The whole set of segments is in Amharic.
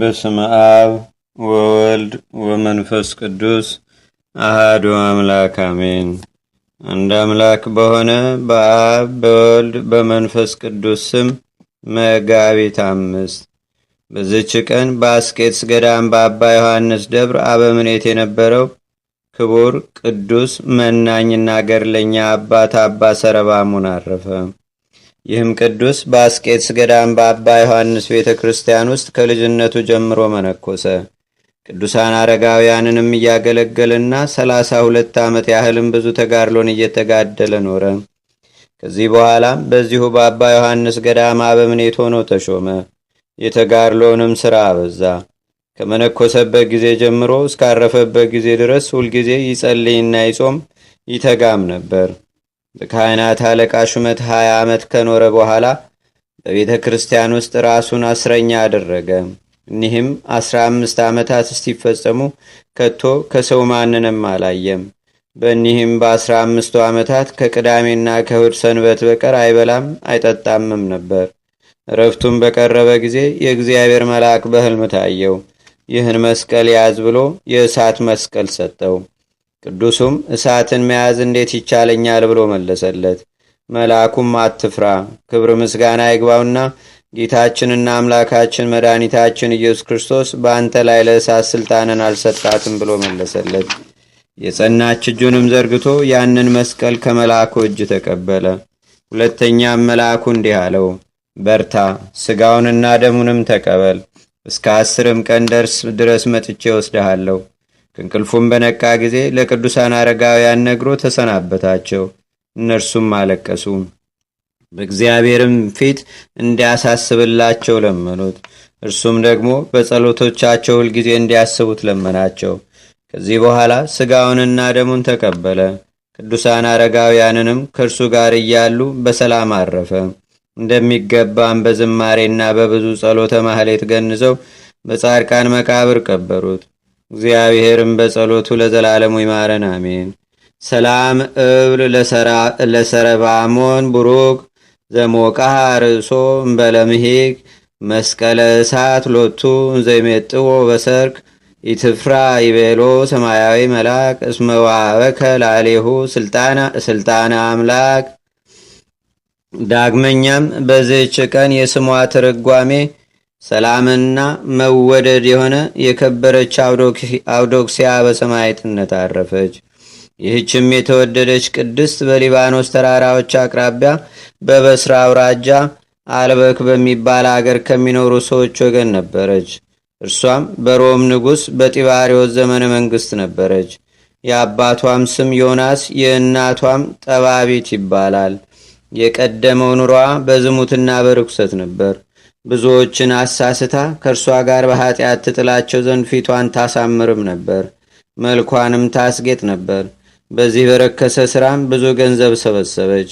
በስመ አብ ወወልድ ወመንፈስ ቅዱስ አህዱ አምላክ አሜን። አንድ አምላክ በሆነ በአብ በወልድ በመንፈስ ቅዱስ ስም መጋቢት አምስት በዝች ቀን በአስቄትስ ገዳም በአባ ዮሐንስ ደብር አበምኔት የነበረው ክቡር ቅዱስ መናኝና ገርለኛ አባት አባ ሰረባሙን አረፈ። ይህም ቅዱስ በአስቄትስ ገዳም በአባ ዮሐንስ ቤተ ክርስቲያን ውስጥ ከልጅነቱ ጀምሮ መነኮሰ። ቅዱሳን አረጋውያንንም እያገለገለና ሰላሳ ሁለት ዓመት ያህልም ብዙ ተጋድሎን እየተጋደለ ኖረ። ከዚህ በኋላም በዚሁ በአባ ዮሐንስ ገዳም አበምኔት ሆኖ ተሾመ። የተጋድሎንም ሥራ አበዛ። ከመነኮሰበት ጊዜ ጀምሮ እስካረፈበት ጊዜ ድረስ ሁልጊዜ ይጸልይና ይጾም ይተጋም ነበር። በካህናት አለቃ ሹመት ሀያ ዓመት ከኖረ በኋላ በቤተ ክርስቲያን ውስጥ ራሱን አስረኛ አደረገ። እኒህም አስራ አምስት ዓመታት እስቲፈጸሙ ከቶ ከሰው ማንንም አላየም። በእኒህም በአስራ አምስቱ ዓመታት ከቅዳሜና ከእሁድ ሰንበት በቀር አይበላም አይጠጣምም ነበር። እረፍቱም በቀረበ ጊዜ የእግዚአብሔር መልአክ በሕልም ታየው። ይህን መስቀል ያዝ ብሎ የእሳት መስቀል ሰጠው። ቅዱሱም እሳትን መያዝ እንዴት ይቻለኛል ብሎ መለሰለት። መልአኩም አትፍራ፣ ክብር ምስጋና ይግባውና ጌታችንና አምላካችን መድኃኒታችን ኢየሱስ ክርስቶስ በአንተ ላይ ለእሳት ስልጣንን አልሰጣትም ብሎ መለሰለት። የጸናች እጁንም ዘርግቶ ያንን መስቀል ከመልአኩ እጅ ተቀበለ። ሁለተኛም መልአኩ እንዲህ አለው፣ በርታ፣ ስጋውንና ደሙንም ተቀበል፣ እስከ አስርም ቀን ደርስ ድረስ መጥቼ ወስደሃለሁ። ከእንቅልፉም በነቃ ጊዜ ለቅዱሳን አረጋውያን ነግሮ ተሰናበታቸው። እነርሱም አለቀሱ። በእግዚአብሔርም ፊት እንዲያሳስብላቸው ለመኑት። እርሱም ደግሞ በጸሎቶቻቸው ሁልጊዜ እንዲያስቡት ለመናቸው። ከዚህ በኋላ ስጋውንና ደሙን ተቀበለ። ቅዱሳን አረጋውያንንም ከእርሱ ጋር እያሉ በሰላም አረፈ። እንደሚገባም በዝማሬና በብዙ ጸሎተ ማህሌት ገንዘው በጻድቃን መቃብር ቀበሩት። እግዚአብሔርም በጸሎቱ ለዘላለሙ ይማረን፣ አሜን። ሰላም እብል ለሰረባሞን ቡሩቅ ዘሞቃሃ ርእሶ በለምሄግ መስቀለ እሳት ሎቱ ዘይሜጥዎ በሰርክ ኢትፍራ ይቤሎ ሰማያዊ መላክ እስመ ወሀበከ ላሌሁ ስልጣነ አምላክ። ዳግመኛም በዝች ቀን የስሟ ትርጓሜ ሰላምና መወደድ የሆነ የከበረች አውዶክሲያ በሰማይትነት አረፈች። ይህችም የተወደደች ቅድስት በሊባኖስ ተራራዎች አቅራቢያ በበስራ አውራጃ አልበክ በሚባል አገር ከሚኖሩ ሰዎች ወገን ነበረች። እርሷም በሮም ንጉሥ በጢባሪዎስ ዘመነ መንግሥት ነበረች። የአባቷም ስም ዮናስ የእናቷም ጠባቢት ይባላል። የቀደመው ኑሯ በዝሙትና በርኩሰት ነበር። ብዙዎችን አሳስታ ከእርሷ ጋር በኃጢአት ትጥላቸው ዘንድ ፊቷን ታሳምርም ነበር፣ መልኳንም ታስጌጥ ነበር። በዚህ በረከሰ ሥራም ብዙ ገንዘብ ሰበሰበች።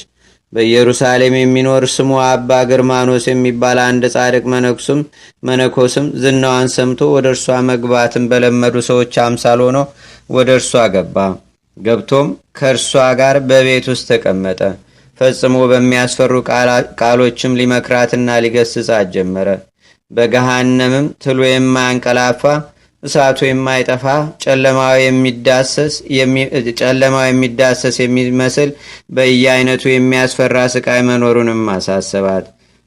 በኢየሩሳሌም የሚኖር ስሙ አባ ግርማኖስ የሚባል አንድ ጻድቅ መነኩስም መነኮስም ዝናዋን ሰምቶ ወደ እርሷ መግባትን በለመዱ ሰዎች አምሳል ሆኖ ወደ እርሷ ገባ። ገብቶም ከእርሷ ጋር በቤት ውስጥ ተቀመጠ። ፈጽሞ በሚያስፈሩ ቃሎችም ሊመክራትና ሊገስጻት ጀመረ። በገሃነምም ትሉ የማያንቀላፋ እሳቱ የማይጠፋ ጨለማው የሚዳሰስ የሚመስል በየአይነቱ የሚያስፈራ ስቃይ መኖሩንም አሳሰባት።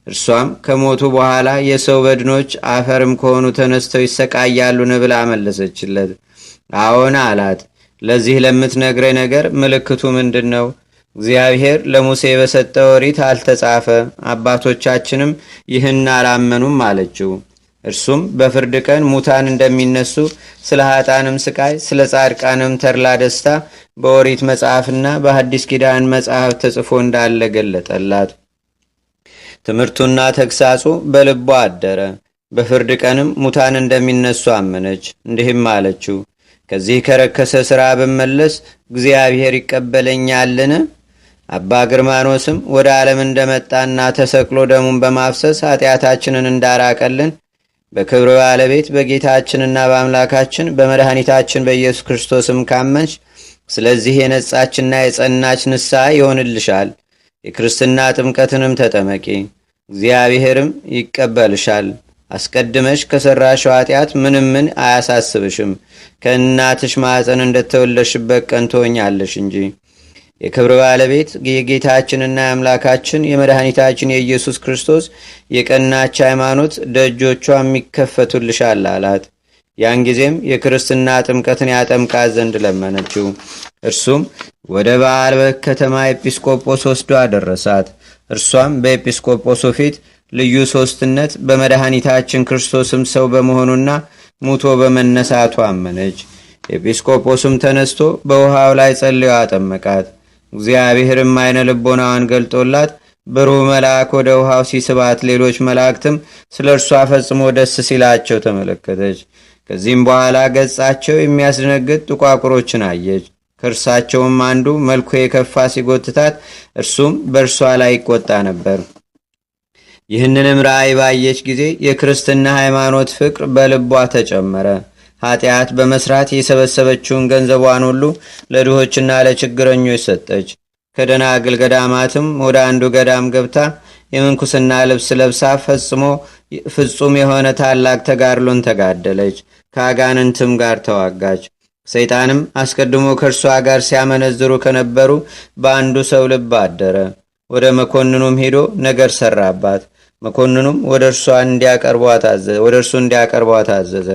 እርሷም ከሞቱ በኋላ የሰው በድኖች አፈርም ከሆኑ ተነስተው ይሰቃያሉን ብላ አመለሰችለት አዎን አላት። ለዚህ ለምትነግረኝ ነገር ምልክቱ ምንድን ነው? እግዚአብሔር ለሙሴ በሰጠ ወሪት አልተጻፈ፣ አባቶቻችንም ይህን አላመኑም አለችው። እርሱም በፍርድ ቀን ሙታን እንደሚነሱ ስለ ኃጣንም ስቃይ ስለ ጻድቃንም ተድላ ደስታ በወሪት መጽሐፍና በሐዲስ ኪዳን መጽሐፍ ተጽፎ እንዳለ ገለጠላት። ትምህርቱና ተግሳጹ በልቧ አደረ። በፍርድ ቀንም ሙታን እንደሚነሱ አመነች። እንዲህም አለችው፣ ከዚህ ከረከሰ ሥራ ብመለስ እግዚአብሔር ይቀበለኛልን? አባ ግርማኖስም ወደ ዓለም እንደመጣና ተሰቅሎ ደሙን በማፍሰስ ኃጢአታችንን እንዳራቀልን በክብረ ባለቤት በጌታችንና በአምላካችን በመድኃኒታችን በኢየሱስ ክርስቶስም ካመንሽ ስለዚህ የነጻችና የጸናች ንስሐ ይሆንልሻል። የክርስትና ጥምቀትንም ተጠመቂ፣ እግዚአብሔርም ይቀበልሻል። አስቀድመሽ ከሠራሽው ኃጢአት ምንም ምን አያሳስብሽም። ከእናትሽ ማዕፀን እንደተወለሽበት ቀን ትሆኛለሽ እንጂ የክብር ባለቤት የጌታችንና የአምላካችን የመድኃኒታችን የኢየሱስ ክርስቶስ የቀናች ሃይማኖት ደጆቿ የሚከፈቱልሻል አላት። ያን ጊዜም የክርስትና ጥምቀትን ያጠምቃት ዘንድ ለመነችው። እርሱም ወደ በዓል ከተማ ኤጲስቆጶስ ወስዶ አደረሳት። እርሷም በኤጲስቆጶሱ ፊት ልዩ ሶስትነት በመድኃኒታችን ክርስቶስም ሰው በመሆኑና ሙቶ በመነሳቱ አመነች። ኤጲስቆጶስም ተነስቶ በውሃው ላይ ጸልዮ አጠመቃት። እግዚአብሔርም አይነ ልቦናዋን ገልጦላት ብሩህ መልአክ ወደ ውሃው ሲስባት፣ ሌሎች መላእክትም ስለ እርሷ ፈጽሞ ደስ ሲላቸው ተመለከተች። ከዚህም በኋላ ገጻቸው የሚያስደነግጥ ጥቋቁሮችን አየች። ከእርሳቸውም አንዱ መልኩ የከፋ ሲጎትታት፣ እርሱም በእርሷ ላይ ይቆጣ ነበር። ይህንንም ራእይ ባየች ጊዜ የክርስትና ሃይማኖት ፍቅር በልቧ ተጨመረ። ኃጢአት በመስራት የሰበሰበችውን ገንዘቧን ሁሉ ለድሆችና ለችግረኞች ሰጠች። ከደናግል ገዳማትም ወደ አንዱ ገዳም ገብታ የምንኩስና ልብስ ለብሳ ፈጽሞ ፍጹም የሆነ ታላቅ ተጋድሎን ተጋደለች። ከአጋንንትም ጋር ተዋጋች። ሰይጣንም አስቀድሞ ከእርሷ ጋር ሲያመነዝሩ ከነበሩ በአንዱ ሰው ልብ አደረ። ወደ መኮንኑም ሄዶ ነገር ሰራባት። መኮንኑም ወደ እርሱ እንዲያቀርቧት አዘዘ።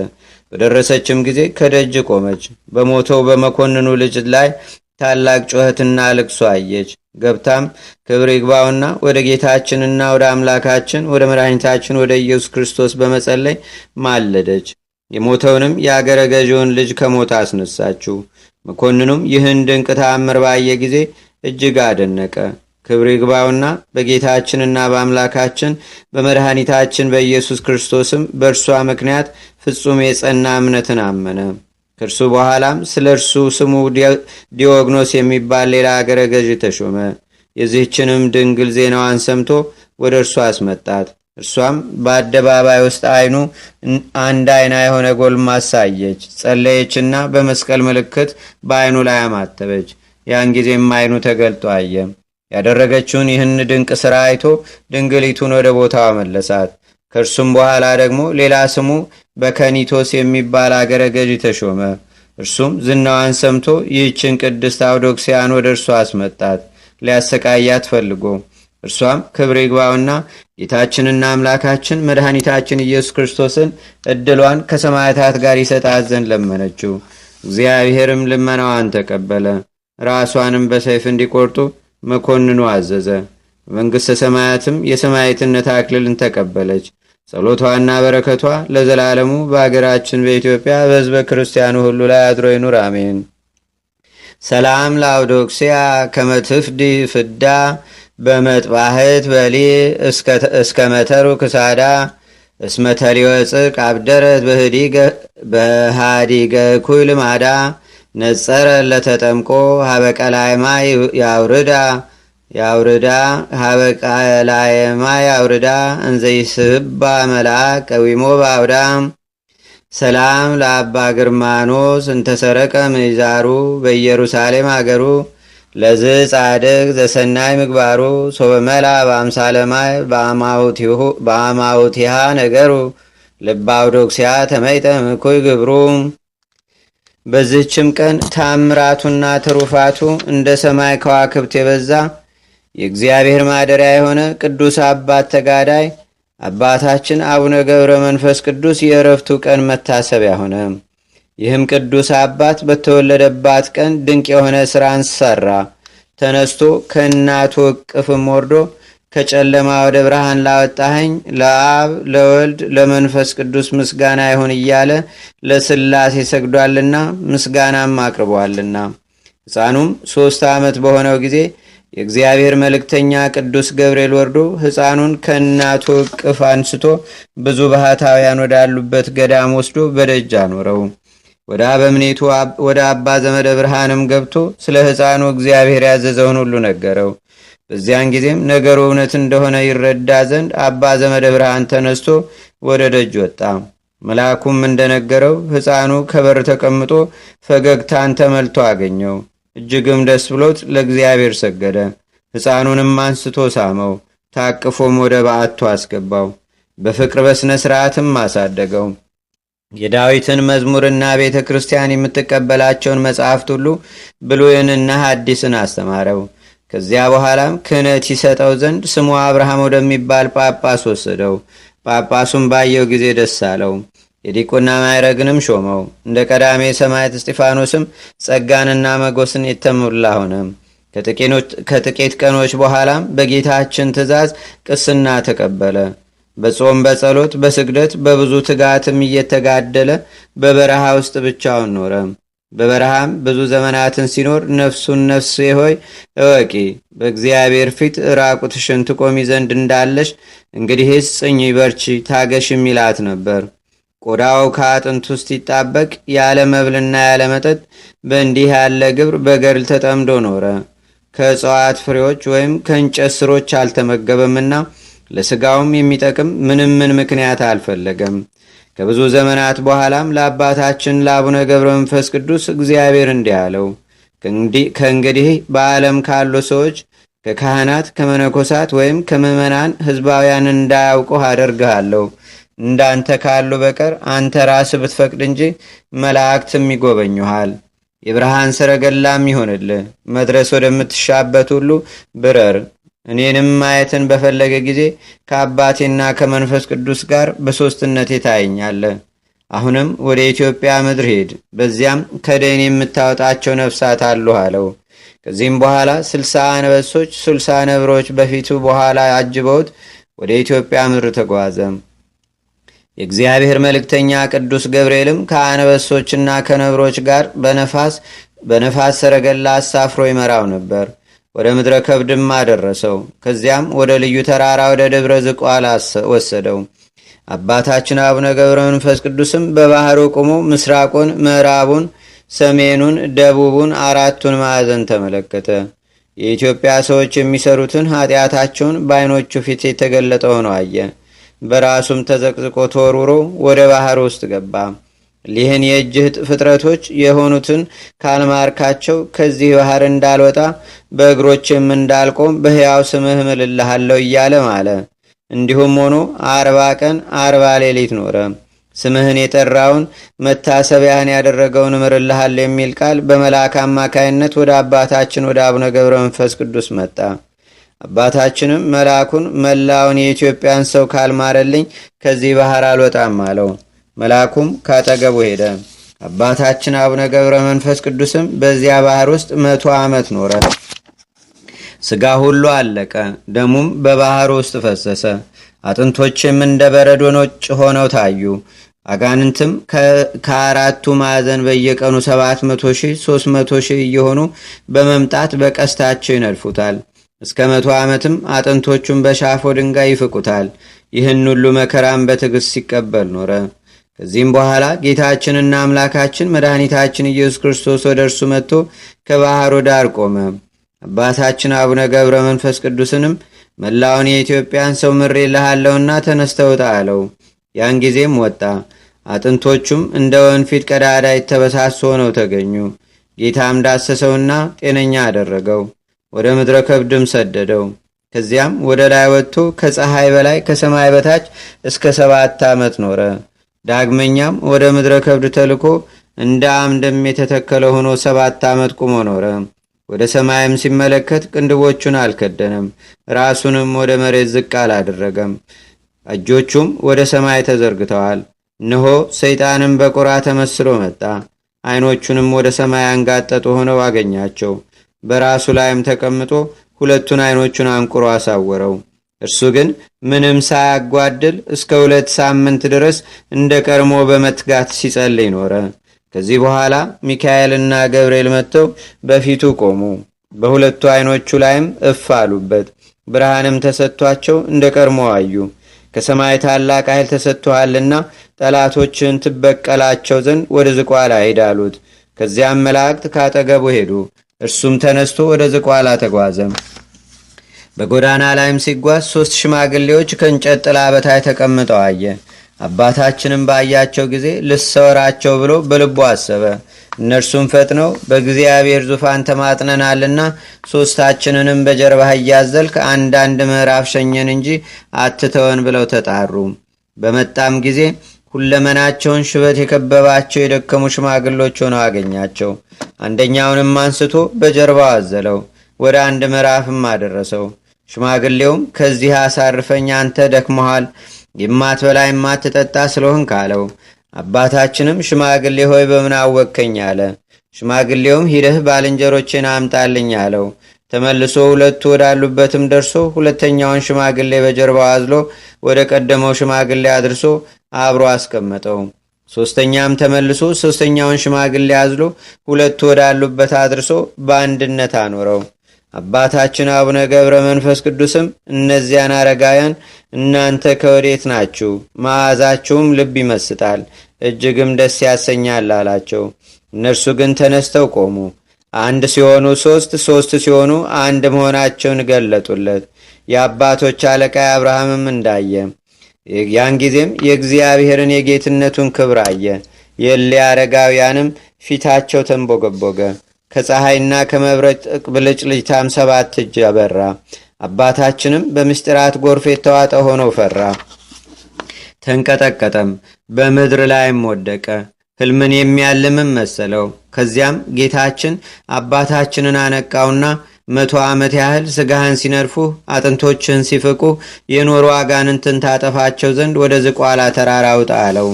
በደረሰችም ጊዜ ከደጅ ቆመች። በሞተው በመኮንኑ ልጅ ላይ ታላቅ ጩኸትና ልቅሶ አየች። ገብታም ክብር ይግባውና ወደ ጌታችንና ወደ አምላካችን ወደ መድኃኒታችን ወደ ኢየሱስ ክርስቶስ በመጸለይ ማለደች። የሞተውንም የአገረ ገዢውን ልጅ ከሞት አስነሳችው። መኮንኑም ይህን ድንቅ ተአምር ባየ ጊዜ እጅግ አደነቀ። ክብር ይግባውና በጌታችንና በአምላካችን በመድኃኒታችን በኢየሱስ ክርስቶስም በእርሷ ምክንያት ፍጹም የጸና እምነትን አመነ። ከእርሱ በኋላም ስለ እርሱ ስሙ ዲዮግኖስ የሚባል ሌላ አገረ ገዥ ተሾመ። የዚህችንም ድንግል ዜናዋን ሰምቶ ወደ እርሷ አስመጣት። እርሷም በአደባባይ ውስጥ አይኑ አንድ አይና የሆነ ጎልማሳ አየች። ጸለየችና በመስቀል ምልክት በአይኑ ላይ አማተበች። ያን ጊዜም አይኑ ተገልጦ አየም ያደረገችውን ይህን ድንቅ ሥራ አይቶ ድንግሊቱን ወደ ቦታዋ መለሳት። ከእርሱም በኋላ ደግሞ ሌላ ስሙ በከኒቶስ የሚባል አገረ ገዥ ተሾመ። እርሱም ዝናዋን ሰምቶ ይህችን ቅድስት አውዶክሲያን ወደ እርሷ አስመጣት። ሊያሰቃያት ፈልጎ እርሷም ክብር ይግባውና ጌታችንና አምላካችን መድኃኒታችን ኢየሱስ ክርስቶስን እድሏን ከሰማዕታት ጋር ይሰጣት ዘንድ ለመነችው። እግዚአብሔርም ልመናዋን ተቀበለ። ራሷንም በሰይፍ እንዲቆርጡ መኮንኑ አዘዘ። መንግሥተ ሰማያትም የሰማዕትነት አክልልን ተቀበለች። ጸሎቷና በረከቷ ለዘላለሙ በአገራችን በኢትዮጵያ በሕዝበ ክርስቲያኑ ሁሉ ላይ አድሮ ይኑር፣ አሜን። ሰላም ለአውዶክሲያ ከመትፍዲ ፍዳ በመጥባህት በሊ እስከ መተሩ ክሳዳ እስመተሊወ ጽቅ አብደረት በሃዲገ ኩይ ልማዳ ነጸረ ለተጠምቆ ሀበቀላይማ ያውርዳ ያውርዳ ሀበቀላይማ ያውርዳ እንዘይስብባ መልአክ ቀዊሞ ባውዳ ሰላም ለአባ ግርማኖስ እንተሰረቀ ምይዛሩ በኢየሩሳሌም አገሩ ለዝ ጻድቅ ዘሰናይ ምግባሩ ሶበመላ በአምሳለ በአማውቲሃ ነገሩ ልባውዶክሲያ ተመይጠ ምኩይ ግብሩ በዝችም ቀን ታምራቱና ትሩፋቱ እንደ ሰማይ ከዋክብት የበዛ የእግዚአብሔር ማደሪያ የሆነ ቅዱስ አባት ተጋዳይ አባታችን አቡነ ገብረ መንፈስ ቅዱስ የእረፍቱ ቀን መታሰቢያ ሆነ። ይህም ቅዱስ አባት በተወለደባት ቀን ድንቅ የሆነ ሥራን ሰራ። ተነስቶ ከእናቱ እቅፍም ወርዶ ከጨለማ ወደ ብርሃን ላወጣኸኝ ለአብ ለወልድ ለመንፈስ ቅዱስ ምስጋና ይሁን እያለ ለስላሴ ሰግዷልና ምስጋናም አቅርበዋልና ሕፃኑም ሦስት ዓመት በሆነው ጊዜ የእግዚአብሔር መልእክተኛ ቅዱስ ገብርኤል ወርዶ ሕፃኑን ከእናቱ እቅፍ አንስቶ ብዙ ባህታውያን ወዳሉበት ገዳም ወስዶ በደጅ አኖረው። ወደ አበምኔቱ ወደ አባ ዘመደ ብርሃንም ገብቶ ስለ ሕፃኑ እግዚአብሔር ያዘዘውን ሁሉ ነገረው። በዚያን ጊዜም ነገሩ እውነት እንደሆነ ይረዳ ዘንድ አባ ዘመደ ብርሃን ተነስቶ ወደ ደጅ ወጣ። መልአኩም እንደነገረው ሕፃኑ ከበር ተቀምጦ ፈገግታን ተመልቶ አገኘው። እጅግም ደስ ብሎት ለእግዚአብሔር ሰገደ። ሕፃኑንም አንስቶ ሳመው፣ ታቅፎም ወደ በዓቱ አስገባው። በፍቅር በሥነ ሥርዓትም አሳደገው። የዳዊትን መዝሙርና ቤተ ክርስቲያን የምትቀበላቸውን መጽሐፍት ሁሉ ብሉይንና ሐዲስን አስተማረው። ከዚያ በኋላም ክህነት ይሰጠው ዘንድ ስሙ አብርሃም ወደሚባል ጳጳስ ወሰደው። ጳጳሱም ባየው ጊዜ ደስ አለው። የዲቁና ማይረግንም ሾመው። እንደ ቀዳሜ ሰማዕት እስጢፋኖስም ጸጋንና መጎስን የተሞላ ሆነ። ከጥቂት ቀኖች በኋላም በጌታችን ትእዛዝ ቅስና ተቀበለ። በጾም በጸሎት በስግደት በብዙ ትጋትም እየተጋደለ በበረሃ ውስጥ ብቻውን ኖረ። በበረሃም ብዙ ዘመናትን ሲኖር ነፍሱን ነፍሴ ሆይ እወቂ፣ በእግዚአብሔር ፊት ራቁትሽን ትቆሚ ዘንድ እንዳለሽ፣ እንግዲህስ ጽኝ በርቺ፣ ታገሽም ይላት ነበር። ቆዳው ከአጥንቱ ውስጥ ይጣበቅ ያለ መብልና ያለ መጠጥ በእንዲህ ያለ ግብር በገድል ተጠምዶ ኖረ። ከእጽዋት ፍሬዎች ወይም ከእንጨት ስሮች አልተመገበምና ለስጋውም የሚጠቅም ምንም ምን ምክንያት አልፈለገም። ከብዙ ዘመናት በኋላም ለአባታችን ለአቡነ ገብረ መንፈስ ቅዱስ እግዚአብሔር እንዲህ አለው። ከእንግዲህ በዓለም ካሉ ሰዎች ከካህናት፣ ከመነኮሳት ወይም ከምዕመናን ሕዝባውያን እንዳያውቁህ አደርግሃለሁ። እንዳንተ ካሉ በቀር አንተ ራስ ብትፈቅድ እንጂ መላእክትም ይጎበኙሃል። የብርሃን ሰረገላም ይሆንልህ። መድረስ ወደምትሻበት ሁሉ ብረር። እኔንም ማየትን በፈለገ ጊዜ ከአባቴና ከመንፈስ ቅዱስ ጋር በሦስትነት የታየኛለ። አሁንም ወደ ኢትዮጵያ ምድር ሄድ፣ በዚያም ከደይን የምታወጣቸው ነፍሳት አሉ አለው። ከዚህም በኋላ ስልሳ አንበሶች ስልሳ ነብሮች በፊቱ በኋላ አጅበውት ወደ ኢትዮጵያ ምድር ተጓዘ። የእግዚአብሔር መልእክተኛ ቅዱስ ገብርኤልም ከአንበሶችና ከነብሮች ጋር በነፋስ በነፋስ ሰረገላ አሳፍሮ ይመራው ነበር። ወደ ምድረ ከብድም አደረሰው። ከዚያም ወደ ልዩ ተራራ ወደ ደብረ ዝቋል ወሰደው። አባታችን አቡነ ገብረ መንፈስ ቅዱስም በባህሩ ቆሞ ምስራቁን፣ ምዕራቡን፣ ሰሜኑን፣ ደቡቡን አራቱን ማዕዘን ተመለከተ። የኢትዮጵያ ሰዎች የሚሰሩትን ኃጢአታቸውን በአይኖቹ ፊት የተገለጠ ሆኖ አየ። በራሱም ተዘቅዝቆ ተወርውሮ ወደ ባህር ውስጥ ገባ። ሊህን የእጅህ ፍጥረቶች የሆኑትን ካልማርካቸው ከዚህ ባህር እንዳልወጣ በእግሮችም እንዳልቆም በሕያው ስምህ ምልልሃለሁ እያለ ማለ። እንዲሁም ሆኖ አርባ ቀን አርባ ሌሊት ኖረ። ስምህን የጠራውን መታሰቢያህን ያደረገውን እምርልሃል የሚል ቃል በመልአክ አማካይነት ወደ አባታችን ወደ አቡነ ገብረ መንፈስ ቅዱስ መጣ። አባታችንም መልአኩን መላውን የኢትዮጵያን ሰው ካልማረልኝ ከዚህ ባህር አልወጣም አለው። መልአኩም ካጠገቡ ሄደ። አባታችን አቡነ ገብረ መንፈስ ቅዱስም በዚያ ባህር ውስጥ መቶ ዓመት ኖረ። ስጋ ሁሉ አለቀ፣ ደሙም በባህር ውስጥ ፈሰሰ። አጥንቶችም እንደ በረዶ ነጭ ሆነው ታዩ። አጋንንትም ከአራቱ ማዕዘን በየቀኑ 700 ሺህ 300 ሺህ እየሆኑ በመምጣት በቀስታቸው ይነድፉታል። እስከ መቶ ዓመትም አጥንቶቹን በሻፎ ድንጋይ ይፍቁታል። ይህን ሁሉ መከራም በትዕግሥት ሲቀበል ኖረ። ከዚህም በኋላ ጌታችንና አምላካችን መድኃኒታችን ኢየሱስ ክርስቶስ ወደ እርሱ መጥቶ ከባሕሩ ዳር ቆመ። አባታችን አቡነ ገብረ መንፈስ ቅዱስንም መላውን የኢትዮጵያን ሰው ምሬ ልሃለውና ተነስተውጣ አለው። ያን ጊዜም ወጣ። አጥንቶቹም እንደ ወንፊት ቀዳዳ የተበሳሶ ሆነው ተገኙ። ጌታም ዳሰሰውና ጤነኛ አደረገው። ወደ ምድረ ከብድም ሰደደው። ከዚያም ወደ ላይ ወጥቶ ከፀሐይ በላይ ከሰማይ በታች እስከ ሰባት ዓመት ኖረ። ዳግመኛም ወደ ምድረ ከብድ ተልኮ እንደ አምድም የተተከለ ሆኖ ሰባት ዓመት ቁሞ ኖረ። ወደ ሰማይም ሲመለከት ቅንድቦቹን አልከደነም፣ ራሱንም ወደ መሬት ዝቅ አላደረገም። እጆቹም ወደ ሰማይ ተዘርግተዋል። እነሆ ሰይጣንም በቁራ ተመስሎ መጣ። አይኖቹንም ወደ ሰማይ አንጋጠጡ ሆነው አገኛቸው። በራሱ ላይም ተቀምጦ ሁለቱን አይኖቹን አንቁሮ አሳወረው። እርሱ ግን ምንም ሳያጓድል እስከ ሁለት ሳምንት ድረስ እንደ ቀድሞ በመትጋት ሲጸልይ ኖረ። ከዚህ በኋላ ሚካኤልና ገብርኤል መጥተው በፊቱ ቆሙ። በሁለቱ ዐይኖቹ ላይም እፍ አሉበት። ብርሃንም ተሰጥቷቸው እንደ ቀድሞ አዩ። ከሰማይ ታላቅ ኃይል ተሰጥቶሃልና ጠላቶችን ትበቀላቸው ዘንድ ወደ ዝቋላ ሂድ አሉት። ከዚያም መላእክት ካጠገቡ ሄዱ። እርሱም ተነስቶ ወደ ዝቋላ ተጓዘም። በጎዳና ላይም ሲጓዝ ሦስት ሽማግሌዎች ከእንጨት ጥላ በታይ ተቀምጠው አየ። አባታችንም ባያቸው ጊዜ ልሰወራቸው ብሎ በልቡ አሰበ። እነርሱም ፈጥነው በእግዚአብሔር ዙፋን ተማጥነናልና ሶስታችንንም በጀርባ እያዘልክ አንዳንድ ምዕራፍ ሸኘን እንጂ አትተወን ብለው ተጣሩ። በመጣም ጊዜ ሁለመናቸውን ሽበት የከበባቸው የደከሙ ሽማግሎች ሆነው አገኛቸው። አንደኛውንም አንስቶ በጀርባው አዘለው፣ ወደ አንድ ምዕራፍም አደረሰው። ሽማግሌውም ከዚህ አሳርፈኝ፣ አንተ ደክመሃል የማትበላ የማትጠጣ ስለሆን ካለው አባታችንም ሽማግሌ ሆይ በምን አወቅከኝ አለ። ሽማግሌውም ሂደህ ባልንጀሮችን አምጣልኝ አለው። ተመልሶ ሁለቱ ወዳሉበትም ደርሶ ሁለተኛውን ሽማግሌ በጀርባው አዝሎ ወደ ቀደመው ሽማግሌ አድርሶ አብሮ አስቀመጠው። ሶስተኛም ተመልሶ ሶስተኛውን ሽማግሌ አዝሎ ሁለቱ ወዳሉበት አድርሶ በአንድነት አኖረው። አባታችን አቡነ ገብረ መንፈስ ቅዱስም እነዚያን አረጋውያን እናንተ ከወዴት ናችሁ? መዓዛችሁም ልብ ይመስጣል፣ እጅግም ደስ ያሰኛል አላቸው። እነርሱ ግን ተነስተው ቆሙ። አንድ ሲሆኑ ሶስት፣ ሶስት ሲሆኑ አንድ መሆናቸውን ገለጡለት። የአባቶች አለቃ አብርሃምም እንዳየ ያን ጊዜም የእግዚአብሔርን የጌትነቱን ክብር አየ። የሌ አረጋውያንም ፊታቸው ተንቦገቦገ። ከፀሐይና ከመብረቅ ብልጭልጭታም ሰባት እጅ አበራ። አባታችንም በምስጢራት ጎርፍ የተዋጠ ሆኖ ፈራ። ተንቀጠቀጠም፣ በምድር ላይም ወደቀ። ሕልምን የሚያልምም መሰለው። ከዚያም ጌታችን አባታችንን አነቃውና መቶ ዓመት ያህል ስጋህን ሲነድፉ አጥንቶችህን ሲፍቁ የኖሩ አጋንንትን ታጠፋቸው ዘንድ ወደ ዝቋላ ተራራ ውጣ አለው።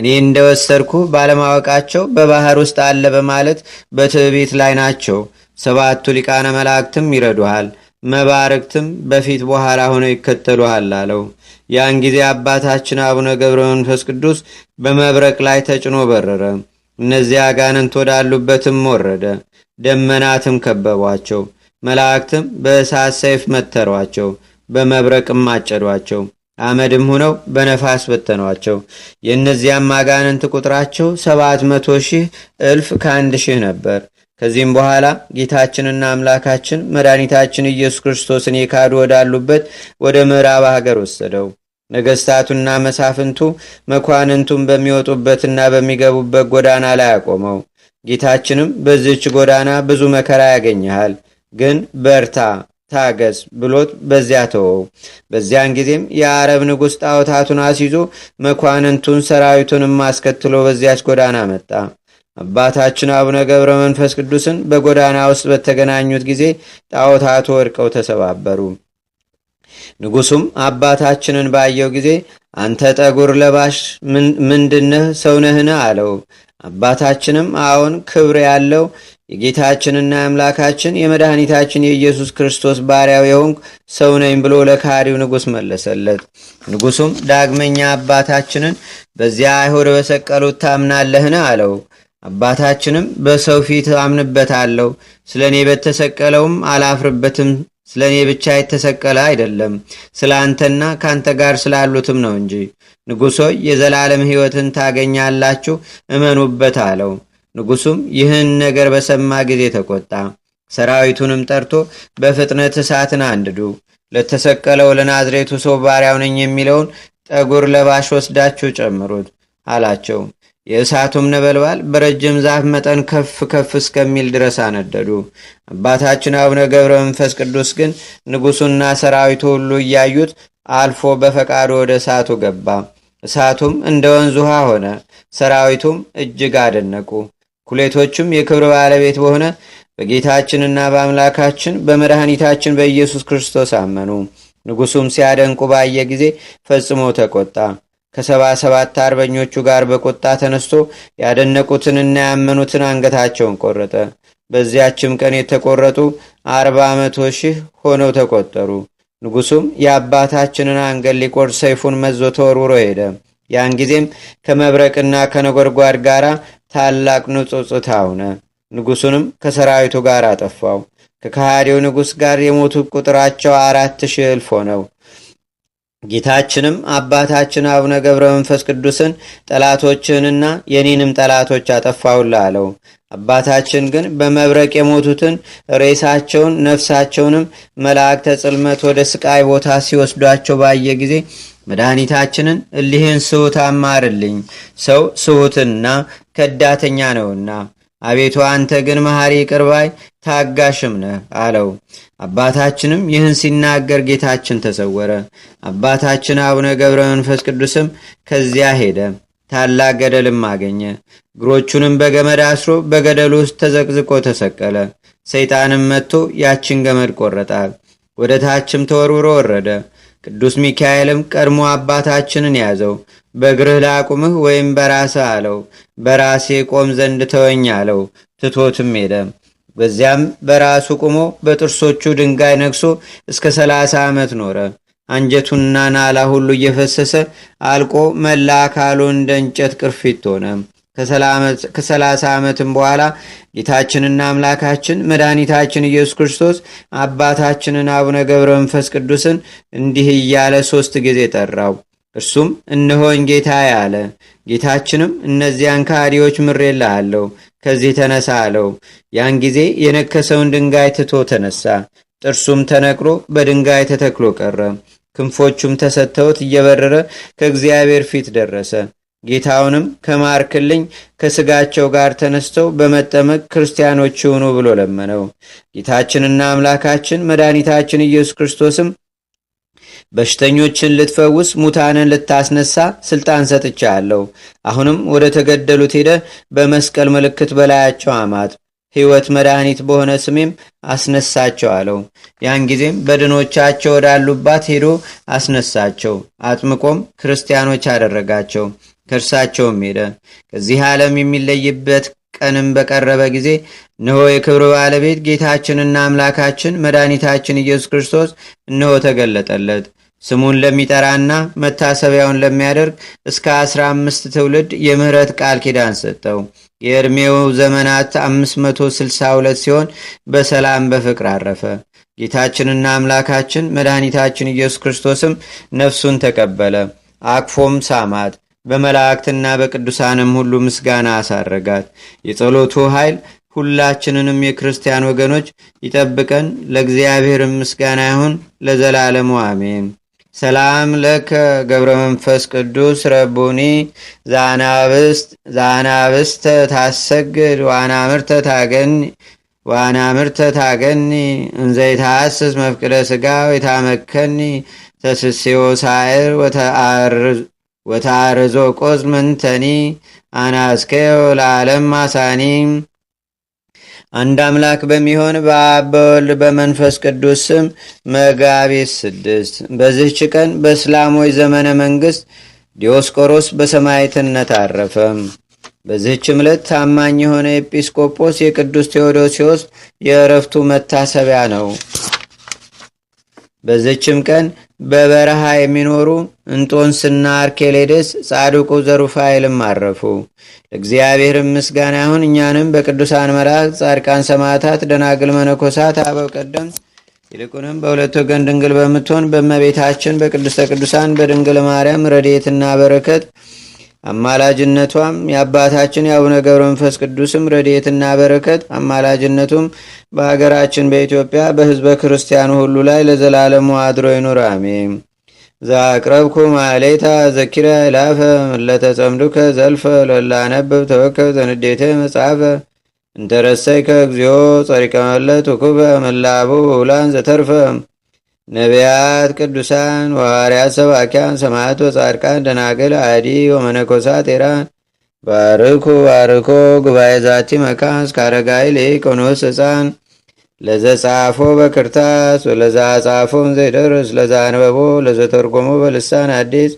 እኔ እንደወሰድኩ ባለማወቃቸው በባህር ውስጥ አለ በማለት በትዕቢት ላይ ናቸው። ሰባቱ ሊቃነ መላእክትም ይረዱሃል፣ መባረክትም በፊት በኋላ ሆነው ይከተሉሃል አለው። ያን ጊዜ አባታችን አቡነ ገብረ መንፈስ ቅዱስ በመብረቅ ላይ ተጭኖ በረረ። እነዚያ አጋንንት ወዳሉበትም ወረደ። ደመናትም ከበቧቸው። መላእክትም በእሳት ሰይፍ መተሯቸው፣ በመብረቅም አጨዷቸው። አመድም ሆነው በነፋስ በተኗቸው። የእነዚያም አጋንንት ቁጥራቸው ሰባት መቶ ሺህ እልፍ ከአንድ ሺህ ነበር። ከዚህም በኋላ ጌታችንና አምላካችን መድኃኒታችን ኢየሱስ ክርስቶስን የካዱ ወዳሉበት ወደ ምዕራብ ሀገር ወሰደው። ነገሥታቱና መሳፍንቱ መኳንንቱን በሚወጡበትና በሚገቡበት ጎዳና ላይ አቆመው። ጌታችንም በዚህች ጎዳና ብዙ መከራ ያገኘሃል፣ ግን በርታ ታገስ ብሎት በዚያ ተወው። በዚያን ጊዜም የአረብ ንጉሥ ጣዖታቱን አስይዞ መኳንንቱን ሰራዊቱንም አስከትሎ በዚያች ጎዳና መጣ። አባታችን አቡነ ገብረ መንፈስ ቅዱስን በጎዳና ውስጥ በተገናኙት ጊዜ ጣዖታቱ ወድቀው ተሰባበሩ። ንጉሱም አባታችንን ባየው ጊዜ አንተ ጠጉር ለባሽ ምንድነህ ሰውነህን? አለው። አባታችንም አዎን ክብር ያለው የጌታችንና የአምላካችን የመድኃኒታችን የኢየሱስ ክርስቶስ ባሪያው የሆንኩ ሰው ነኝ ብሎ ለካሪው ንጉሥ መለሰለት። ንጉሡም ዳግመኛ አባታችንን በዚያ አይሁድ በሰቀሉት ታምናለህን? አለው። አባታችንም በሰው ፊት አምንበታለሁ፣ ስለ እኔ በተሰቀለውም አላፍርበትም። ስለ እኔ ብቻ የተሰቀለ አይደለም፣ ስለ አንተና ከአንተ ጋር ስላሉትም ነው እንጂ። ንጉሶ የዘላለም ሕይወትን ታገኛላችሁ፣ እመኑበት አለው። ንጉሱም ይህን ነገር በሰማ ጊዜ ተቆጣ። ሰራዊቱንም ጠርቶ በፍጥነት እሳትን አንድዱ፣ ለተሰቀለው ለናዝሬቱ ሰው ባሪያው ነኝ የሚለውን ጠጉር ለባሽ ወስዳችሁ ጨምሩት አላቸው። የእሳቱም ነበልባል በረጅም ዛፍ መጠን ከፍ ከፍ እስከሚል ድረስ አነደዱ። አባታችን አቡነ ገብረ መንፈስ ቅዱስ ግን ንጉሱና ሰራዊቱ ሁሉ እያዩት አልፎ በፈቃዱ ወደ እሳቱ ገባ። እሳቱም እንደ ወንዝ ውሃ ሆነ። ሰራዊቱም እጅግ አደነቁ። ኩሌቶቹም የክብር ባለቤት በሆነ በጌታችንና በአምላካችን በመድኃኒታችን በኢየሱስ ክርስቶስ አመኑ። ንጉሡም ሲያደንቁ ባየ ጊዜ ፈጽሞ ተቆጣ። ከሰባ ሰባት አርበኞቹ ጋር በቁጣ ተነስቶ ያደነቁትንና ያመኑትን አንገታቸውን ቆረጠ። በዚያችም ቀን የተቆረጡ አርባ መቶ ሺህ ሆነው ተቆጠሩ። ንጉሡም የአባታችንን አንገት ሊቆርጥ ሰይፉን መዞ ተወርውሮ ሄደ። ያን ጊዜም ከመብረቅና ከነጎድጓድ ጋር ታላቅ ንጹጽታ ሆነ። ንጉሱንም ከሰራዊቱ ጋር አጠፋው። ከከሃዲው ንጉሥ ጋር የሞቱ ቁጥራቸው አራት ሺህ እልፎ ነው። ጌታችንም አባታችን አቡነ ገብረ መንፈስ ቅዱስን ጠላቶችንና የኔንም ጠላቶች አጠፋውላ አለው። አባታችን ግን በመብረቅ የሞቱትን ሬሳቸውን ነፍሳቸውንም መላእክተ ጽልመት ወደ ስቃይ ቦታ ሲወስዷቸው ባየ ጊዜ መድኃኒታችንን እሊህን ስሁት አማርልኝ፣ ሰው ስሁትና ከዳተኛ ነውና፣ አቤቱ አንተ ግን መሐሪ ቅርባይ ታጋሽም ነህ አለው። አባታችንም ይህን ሲናገር ጌታችን ተሰወረ። አባታችን አቡነ ገብረ መንፈስ ቅዱስም ከዚያ ሄደ። ታላቅ ገደልም አገኘ። እግሮቹንም በገመድ አስሮ በገደሉ ውስጥ ተዘቅዝቆ ተሰቀለ። ሰይጣንም መጥቶ ያችን ገመድ ቆረጣል። ወደ ታችም ተወርውሮ ወረደ። ቅዱስ ሚካኤልም ቀድሞ አባታችንን ያዘው። በእግርህ ላቁምህ ወይም በራስህ አለው። በራሴ ቆም ዘንድ ተወኝ አለው። ትቶትም ሄደ። በዚያም በራሱ ቆሞ በጥርሶቹ ድንጋይ ነግሶ እስከ ሰላሳ ዓመት ኖረ። አንጀቱና ናላ ሁሉ እየፈሰሰ አልቆ መላ አካሉ እንደ እንጨት ቅርፊት ሆነ። ከሰላሳ ዓመትም በኋላ ጌታችንና አምላካችን መድኃኒታችን ኢየሱስ ክርስቶስ አባታችንን አቡነ ገብረ መንፈስ ቅዱስን እንዲህ እያለ ሦስት ጊዜ ጠራው። እርሱም እነሆን ጌታ አለ። ጌታችንም እነዚያን ምሬላ አለው። ከዚህ ተነሳ አለው። ያን ጊዜ የነከሰውን ድንጋይ ትቶ ተነሳ። ጥርሱም ተነቅሎ በድንጋይ ተተክሎ ቀረ። ክንፎቹም ተሰጥተውት እየበረረ ከእግዚአብሔር ፊት ደረሰ። ጌታውንም ከማርክልኝ ከስጋቸው ጋር ተነስተው በመጠመቅ ክርስቲያኖች ይሁኑ ብሎ ለመነው። ጌታችንና አምላካችን መድኃኒታችን ኢየሱስ ክርስቶስም በሽተኞችን ልትፈውስ ሙታንን ልታስነሳ ስልጣን ሰጥቻለሁ። አሁንም ወደ ተገደሉት ሄደ በመስቀል ምልክት በላያቸው አማት ሕይወት መድኃኒት በሆነ ስሜም አስነሳቸው አለው። ያን ጊዜም በድኖቻቸው ወዳሉባት ሄዶ አስነሳቸው። አጥምቆም ክርስቲያኖች አደረጋቸው። ከእርሳቸውም ሄደ። ከዚህ ዓለም የሚለይበት ቀንም በቀረበ ጊዜ እነሆ የክብር ባለቤት ጌታችንና አምላካችን መድኃኒታችን ኢየሱስ ክርስቶስ እነሆ ተገለጠለት። ስሙን ለሚጠራና መታሰቢያውን ለሚያደርግ እስከ አስራ አምስት ትውልድ የምህረት ቃል ኪዳን ሰጠው። የእድሜው ዘመናት 562 ሲሆን በሰላም በፍቅር አረፈ። ጌታችንና አምላካችን መድኃኒታችን ኢየሱስ ክርስቶስም ነፍሱን ተቀበለ፣ አክፎም ሳማት። በመላእክትና በቅዱሳንም ሁሉ ምስጋና አሳረጋት። የጸሎቱ ኃይል ሁላችንንም የክርስቲያን ወገኖች ይጠብቀን። ለእግዚአብሔር ምስጋና ይሁን ለዘላለሙ አሜን። ሰላም ለከ ገብረ መንፈስ ቅዱስ ረቡኒ ዛናብስተ ታሰግድ ዋናምርተ ታገኒ ዋናምርተ ታገኒ እንዘይታስስ መፍቅደ ስጋ ወይታመከኒ ተስስዮ ሳይር ወተአርዞ ቆዝ ምንተኒ አናስከዮ ለዓለም ማሳኒ አንድ አምላክ በሚሆን በአብ በወልድ በመንፈስ ቅዱስ ስም መጋቢት ስድስት በዚህች ቀን በእስላሞች ዘመነ መንግሥት ዲዮስቆሮስ በሰማይትነት አረፈ በዚህች ምለት ታማኝ የሆነ ኤጲስቆጶስ የቅዱስ ቴዎዶሲዎስ የእረፍቱ መታሰቢያ ነው። በዚህችም ቀን በበረሃ የሚኖሩ እንጦንስና አርኬሌደስ ጻድቁ ዘሩፋኤልም አረፉ። ለእግዚአብሔርም ምስጋና ይሁን። እኛንም በቅዱሳን መላእክት፣ ጻድቃን፣ ሰማዕታት፣ ደናግል፣ መነኮሳት፣ አበው ቀደም ይልቁንም በሁለት ወገን ድንግል በምትሆን በእመቤታችን በቅድስተ ቅዱሳን በድንግል ማርያም ረድኤትና በረከት አማላጅነቷም የአባታችን የአቡነ ገብረ መንፈስ ቅዱስም ረድኤትና በረከት አማላጅነቱም በሀገራችን በኢትዮጵያ በህዝበ ክርስቲያኑ ሁሉ ላይ ለዘላለሙ አድሮ ይኑር፣ አሜን። ዛቅረብኩ ማሌታ ዘኪራ ይላፈ ለተጸምዱከ ዘልፈ ለላነብብ ተወከብ ዘንዴተ መጽሐፈ እንተረሰይከ እግዚኦ ጸሪቀመለት መለት ውኩበ መላቡ ውላን ዘተርፈም ነቢያት፣ ቅዱሳን፣ ሐዋርያት፣ ሰባኪያን፣ ሰማዕት ወጻድቃን፣ ደናግል፣ አዲ ወመነኮሳት ኤራን ባርኩ ባርኮ ጉባኤ ዛቲ መካን እስከ አረጋዊ ሊቅ ኖስ ህፃን ጻፎ በክርታስ ወለዛ ጻፎን ዘይደርስ ለዛ አንበቦ ለዘተርጎሞ በልሳን አዲስ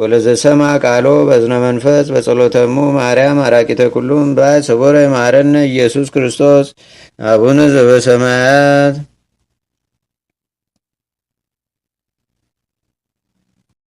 ወለዘሰማ ቃሎ በዝነ መንፈስ በጸሎተሙ ማርያም አራቂተ ኩሉም ባይ ሰቦረ ማረነ ኢየሱስ ክርስቶስ አቡነ ዘበሰማያት